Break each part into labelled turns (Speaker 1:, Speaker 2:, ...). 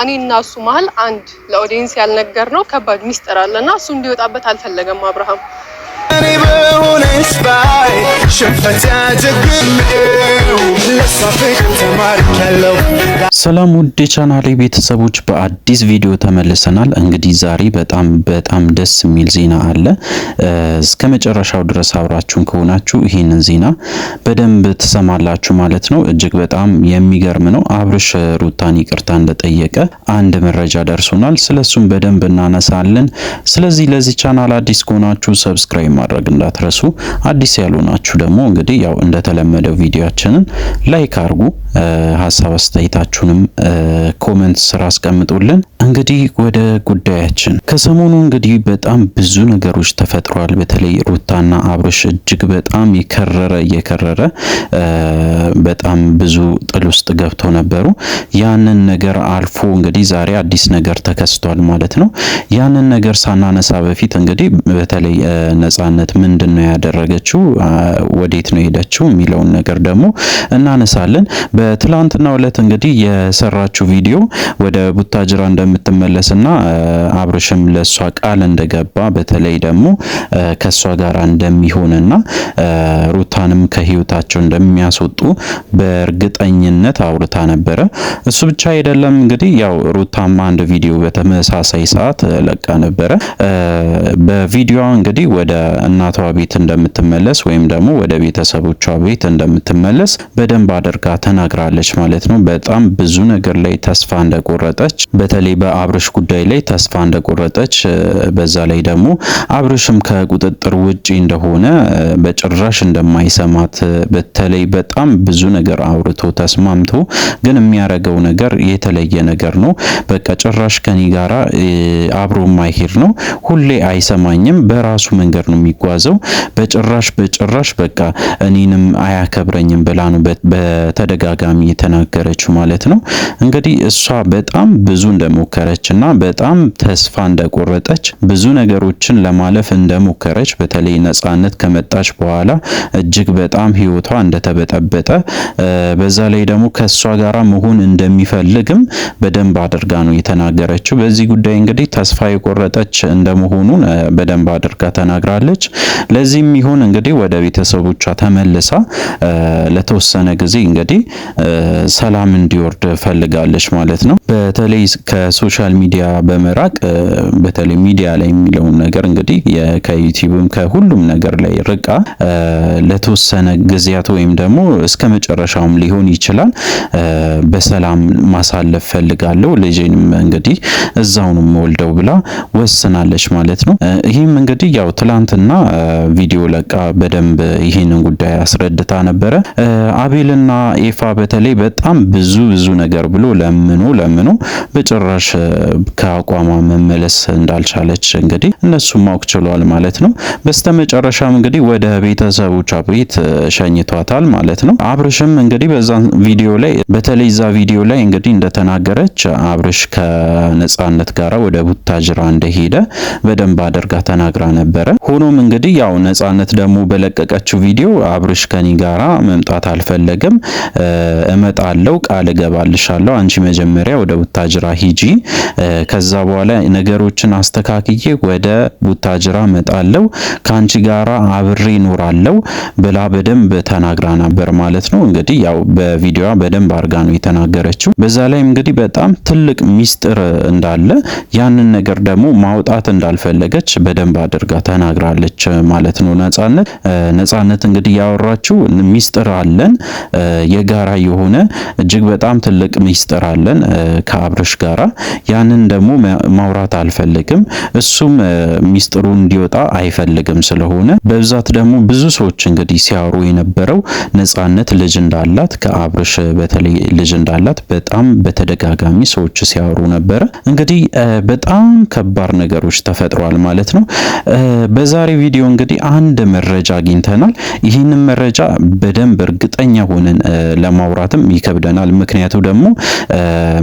Speaker 1: እኔ እና እሱ መሀል አንድ ለኦዲየንስ ያልነገር ነው ከባድ ሚስጥር እና እሱ እንዲወጣበት አልፈለገም አብርሃም።
Speaker 2: ሰላም ውድ የቻናሌ ቤተሰቦች በአዲስ ቪዲዮ ተመልሰናል። እንግዲህ ዛሬ በጣም በጣም ደስ የሚል ዜና አለ። እስከ መጨረሻው ድረስ አብራችሁን ከሆናችሁ ይህንን ዜና በደንብ ትሰማላችሁ ማለት ነው። እጅግ በጣም የሚገርም ነው። አብርሽ ሩታን ይቅርታ እንደጠየቀ አንድ መረጃ ደርሶናል። ስለሱም በደንብ እናነሳለን። ስለዚህ ለዚህ ቻናል አዲስ ከሆናችሁ ሰብስክራይብ ማድረግ እንዳትረሱ። አዲስ ያልሆናችሁ ደግሞ እንግዲህ ያው እንደተለመደው ቪዲዮአችንን ላይክ አድርጉ፣ ሀሳብ አስተያየታችሁንም ኮሜንት ስራ አስቀምጡልን። እንግዲህ ወደ ጉዳያችን ከሰሞኑ እንግዲህ በጣም ብዙ ነገሮች ተፈጥሯል። በተለይ ሩታና አብርሽ እጅግ በጣም የከረረ እየከረረ በጣም ብዙ ጥል ውስጥ ገብተው ነበሩ። ያንን ነገር አልፎ እንግዲህ ዛሬ አዲስ ነገር ተከስቷል ማለት ነው። ያንን ነገር ሳናነሳ በፊት እንግዲህ በተለይ ነጻነት ምን ምንድን ነው ያደረገችው፣ ወዴት ነው ሄደችው የሚለውን ነገር ደግሞ እናነሳለን። በትላንትና ዕለት እንግዲህ የሰራችው ቪዲዮ ወደ ቡታጅራ እንደምትመለስና አብርሽም ለእሷ ቃል እንደገባ በተለይ ደግሞ ከእሷ ጋር እንደሚሆንና ሩታንም ከህይወታቸው እንደሚያስወጡ በእርግጠኝነት አውርታ ነበረ። እሱ ብቻ አይደለም እንግዲህ ያው ሩታም አንድ ቪዲዮ በተመሳሳይ ሰዓት ለቃ ነበረ። በቪዲዮዋ እንግዲህ ወደ እናቷ እናቷ ቤት እንደምትመለስ ወይም ደግሞ ወደ ቤተሰቦቿ ቤት እንደምትመለስ በደንብ አድርጋ ተናግራለች ማለት ነው። በጣም ብዙ ነገር ላይ ተስፋ እንደቆረጠች በተለይ በአብርሽ ጉዳይ ላይ ተስፋ እንደቆረጠች በዛ ላይ ደግሞ አብርሽም ከቁጥጥር ውጪ እንደሆነ በጭራሽ እንደማይሰማት በተለይ በጣም ብዙ ነገር አውርቶ ተስማምቶ ግን የሚያረገው ነገር የተለየ ነገር ነው። በቃ ጭራሽ ከኔ ጋራ አብሮ ማይሄድ ነው። ሁሌ አይሰማኝም። በራሱ መንገድ ነው የሚጓዘው ስትያዘው በጭራሽ በጭራሽ በቃ እኔንም አያከብረኝም ብላ ነው በተደጋጋሚ የተናገረችው ማለት ነው። እንግዲህ እሷ በጣም ብዙ እንደሞከረች እና በጣም ተስፋ እንደቆረጠች ብዙ ነገሮችን ለማለፍ እንደሞከረች በተለይ ነጻነት ከመጣች በኋላ እጅግ በጣም ህይወቷ እንደተበጠበጠ በዛ ላይ ደግሞ ከእሷ ጋራ መሆን እንደሚፈልግም በደንብ አድርጋ ነው የተናገረችው። በዚህ ጉዳይ እንግዲህ ተስፋ የቆረጠች እንደመሆኑን በደንብ አድርጋ ተናግራለች። ለዚህም ይሁን እንግዲህ ወደ ቤተሰቦቿ ተመልሳ ለተወሰነ ጊዜ እንግዲህ ሰላም እንዲወርድ ፈልጋለች ማለት ነው። በተለይ ከሶሻል ሚዲያ በመራቅ በተለይ ሚዲያ ላይ የሚለውን ነገር እንግዲህ ከዩቲዩብም ከሁሉም ነገር ላይ ርቃ ለተወሰነ ጊዜያት ወይም ደግሞ እስከ መጨረሻውም ሊሆን ይችላል በሰላም ማሳለፍ ፈልጋለሁ፣ ልጄንም እንግዲህ እዛውንም ወልደው ብላ ወስናለች ማለት ነው። ይህም እንግዲህ ያው ትላንትና ቪዲዮ ለቃ በደንብ ይህንን ጉዳይ አስረድታ ነበረ። አቤልና ኤፋ በተለይ በጣም ብዙ ብዙ ነገር ብሎ ለምኖ ለምኖ በጭራሽ ከአቋሟ መመለስ እንዳልቻለች እንግዲህ እነሱም ማወቅ ችሏል ማለት ነው። በስተመጨረሻም እንግዲህ ወደ ቤተሰቦቿ ቤት ሸኝቷታል ማለት ነው። አብርሽም እንግዲህ በዛ ቪዲዮ ላይ በተለይ ዛ ቪዲዮ ላይ እንግዲህ እንደተናገረች አብርሽ ከነጻነት ጋራ ወደ ቡታጅራ እንደሄደ በደንብ አድርጋ ተናግራ ነበረ። ሆኖም እንግዲህ ያው ነጻነት ደግሞ በለቀቀችው ቪዲዮ አብርሽ ከኒ ጋራ መምጣት አልፈለገም። እመጣለው፣ ቃል እገባልሻለሁ፣ አንቺ መጀመሪያ ወደ ቡታጅራ ሂጂ፣ ከዛ በኋላ ነገሮችን አስተካክዬ ወደ ቡታጅራ መጣለው ከአንቺ ጋራ አብሬ ኖራለው ብላ በደንብ ተናግራ ነበር ማለት ነው። እንግዲህ ያው በቪዲዮዋ በደንብ አድርጋ ነው የተናገረችው። በዛ ላይ እንግዲህ በጣም ትልቅ ሚስጥር እንዳለ ያንን ነገር ደግሞ ማውጣት እንዳልፈለገች በደንብ አድርጋ ተናግራለች ማለት ነው። ነጻነት ነጻነት እንግዲህ ያወራችው ሚስጥር አለን የጋራ የሆነ እጅግ በጣም ትልቅ ሚስጥር አለን ከአብርሽ ጋራ ያንን ደግሞ ማውራት አልፈልግም። እሱም ሚስጥሩ እንዲወጣ አይፈልግም። ስለሆነ በብዛት ደግሞ ብዙ ሰዎች እንግዲህ ሲያወሩ የነበረው ነጻነት ልጅ እንዳላት ከአብርሽ በተለይ ልጅ እንዳላት በጣም በተደጋጋሚ ሰዎች ሲያወሩ ነበረ። እንግዲህ በጣም ከባድ ነገሮች ተፈጥሯል ማለት ነው በዛሬ ቪዲዮ እንግዲህ አንድ መረጃ አግኝተናል። ይህንን መረጃ በደንብ እርግጠኛ ሆነን ለማውራትም ይከብደናል። ምክንያቱ ደግሞ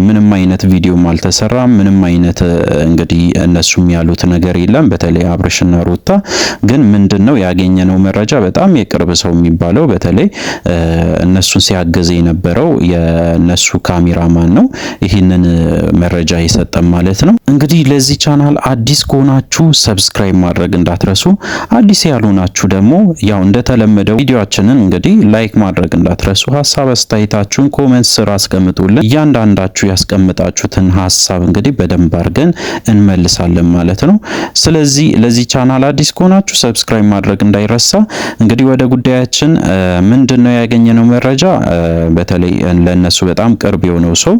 Speaker 2: ምንም አይነት ቪዲዮም አልተሰራም። ምንም አይነት እንግዲህ እነሱም ያሉት ነገር የለም። በተለይ አብርሽና ሩታ ግን ምንድን ነው ያገኘነው መረጃ በጣም የቅርብ ሰው የሚባለው በተለይ እነሱን ሲያገዝ የነበረው የነሱ ካሜራማን ነው ይህንን መረጃ የሰጠን ማለት ነው። እንግዲህ ለዚህ ቻናል አዲስ ከሆናችሁ ሰብስክራይብ ማድረግ እንዳትረሱ። አዲስ ያልሆናችሁ ደግሞ ያው እንደተለመደው ቪዲዮአችንን እንግዲህ ላይክ ማድረግ እንዳትረሱ፣ ሀሳብ አስተያየታችሁን ኮሜንት ስር አስቀምጡልን። እያንዳንዳችሁ ያስቀምጣችሁትን ሀሳብ እንግዲህ በደንብ አድርገን እንመልሳለን ማለት ነው። ስለዚህ ለዚህ ቻናል አዲስ ከሆናችሁ ሰብስክራይብ ማድረግ እንዳይረሳ። እንግዲህ ወደ ጉዳያችን ምንድነው ያገኘነው መረጃ በተለይ ለነሱ በጣም ቅርብ የሆነው ሰው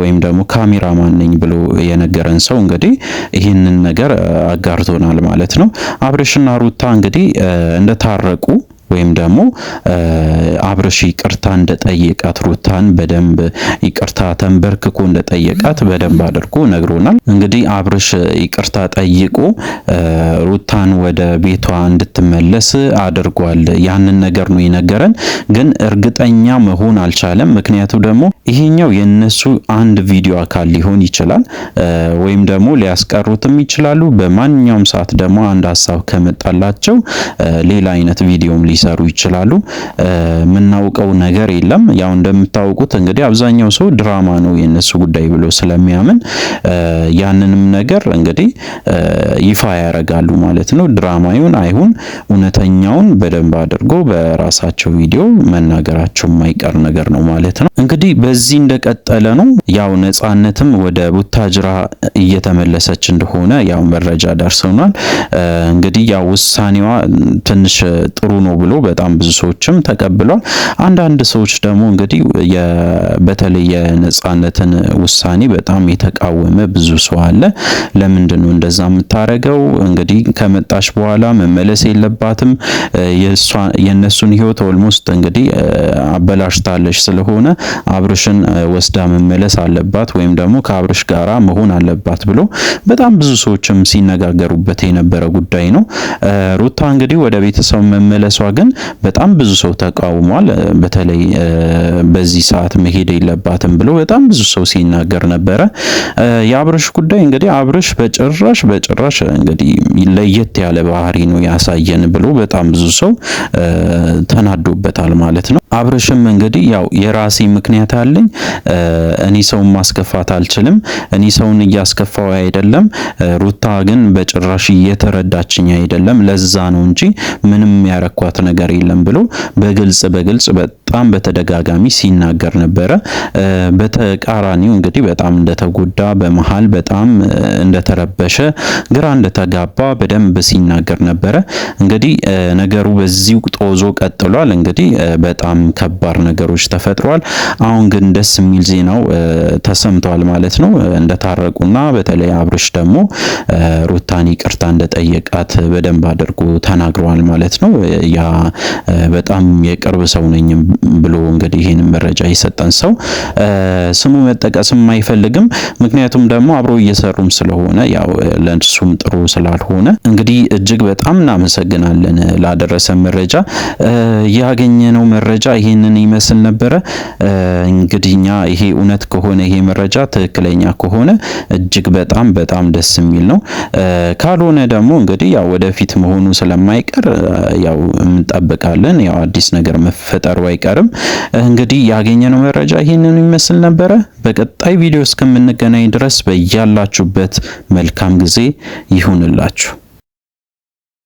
Speaker 2: ወይም ደግሞ ካሜራማን ነኝ ብሎ የነገረን ሰው እንግዲህ ይህንን ነገር አጋርቶናል ማለት ነው አብርሽና ሩታ እንግዲህ እንደታረቁ ወይም ደግሞ አብርሽ ይቅርታ እንደጠየቃት ሩታን በደንብ ይቅርታ ተንበርክኮ እንደጠየቃት በደንብ አድርጎ ነግሮናል። እንግዲህ አብርሽ ይቅርታ ጠይቆ ሩታን ወደ ቤቷ እንድትመለስ አድርጓል። ያንን ነገር ነው የነገረን፣ ግን እርግጠኛ መሆን አልቻለም። ምክንያቱ ደግሞ ይሄኛው የነሱ አንድ ቪዲዮ አካል ሊሆን ይችላል፣ ወይም ደግሞ ሊያስቀሩትም ይችላሉ። በማንኛውም ሰዓት ደግሞ አንድ ሀሳብ ከመጣላቸው ሌላ አይነት ቪዲዮም ሊሰሩ ይችላሉ። የምናውቀው ነገር የለም። ያው እንደምታውቁት እንግዲህ አብዛኛው ሰው ድራማ ነው የነሱ ጉዳይ ብሎ ስለሚያምን ያንንም ነገር እንግዲህ ይፋ ያደርጋሉ ማለት ነው። ድራማ አይሁን እውነተኛውን በደንብ አድርጎ በራሳቸው ቪዲዮ መናገራቸው የማይቀር ነገር ነው ማለት ነው። እንግዲህ በዚህ እንደቀጠለ ነው። ያው ነጻነትም ወደ ቡታጅራ እየተመለሰች እንደሆነ ያው መረጃ ደርሰውናል። እንግዲህ ያው ውሳኔዋ ትንሽ ጥሩ ነው ብሎ በጣም ብዙ ሰዎችም ተቀብሏል። አንዳንድ ሰዎች ደግሞ እንግዲህ በተለይ የነጻነትን ውሳኔ በጣም የተቃወመ ብዙ ሰው አለ። ለምንድን ነው እንደዛ የምታረገው? እንግዲህ ከመጣሽ በኋላ መመለስ የለባትም የእነሱን ህይወት ኦልሞስት እንግዲህ አበላሽታለች ስለሆነ አብርሽን ወስዳ መመለስ አለባት ወይም ደግሞ ከአብርሽ ጋራ መሆን አለባት ብሎ በጣም ብዙ ሰዎችም ሲነጋገሩበት የነበረ ጉዳይ ነው። ሩታ እንግዲህ ወደ ቤተሰብ መመለሷ ግን በጣም ብዙ ሰው ተቃውሟል። በተለይ በዚህ ሰዓት መሄድ የለባትም ብሎ በጣም ብዙ ሰው ሲናገር ነበረ። የአብርሽ ጉዳይ እንግዲህ አብርሽ በጭራሽ በጭራሽ እንግዲህ ለየት ያለ ባህሪ ነው ያሳየን ብሎ በጣም ብዙ ሰው ተናዶበታል ማለት ነው። አብርሽም እንግዲህ ያው የራሴ ምክንያት አለኝ፣ እኔ ሰውን ማስከፋት አልችልም፣ እኔ ሰውን እያስከፋው አይደለም፣ ሩታ ግን በጭራሽ እየተረዳችኝ አይደለም፣ ለዛ ነው እንጂ ምንም ያረኳት ነገር የለም ብሎ በግልጽ በግልጽ በጣም በተደጋጋሚ ሲናገር ነበረ። በተቃራኒው እንግዲህ በጣም እንደተጎዳ በመሀል በጣም እንደተረበሸ ግራ እንደተጋባ በደንብ ሲናገር ነበረ። እንግዲህ ነገሩ በዚሁ ጦዞ ቀጥሏል። እንግዲህ በጣም ከባድ ነገሮች ተፈጥሯል። አሁን ግን ደስ የሚል ዜናው ተሰምቷል ማለት ነው እንደታረቁና በተለይ አብርሽ ደግሞ ሩታን ይቅርታ እንደጠየቃት በደንብ አድርጎ ተናግሯል ማለት ነው። ያ በጣም የቅርብ ሰው ነኝም ብሎ እንግዲህ ይህንን መረጃ የሰጠን ሰው ስሙ መጠቀስም አይፈልግም። ምክንያቱም ደግሞ አብሮ እየሰሩም ስለሆነ ያው ለእሱም ጥሩ ስላልሆነ እንግዲህ እጅግ በጣም እናመሰግናለን ላደረሰ መረጃ። ያገኘነው መረጃ ይህንን ይመስል ነበረ። እንግዲህ እኛ ይሄ እውነት ከሆነ ይሄ መረጃ ትክክለኛ ከሆነ እጅግ በጣም በጣም ደስ የሚል ነው። ካልሆነ ደግሞ እንግዲህ ያው ወደፊት መሆኑ ስለማይቀር ያው እንጠብቃለን። ያው አዲስ ነገር መፈጠሩ አይቀር አይቀርም። እንግዲህ ያገኘነው መረጃ ይህንን ይመስል ነበረ። በቀጣይ ቪዲዮ እስከምንገናኝ ድረስ በያላችሁበት መልካም ጊዜ ይሁንላችሁ።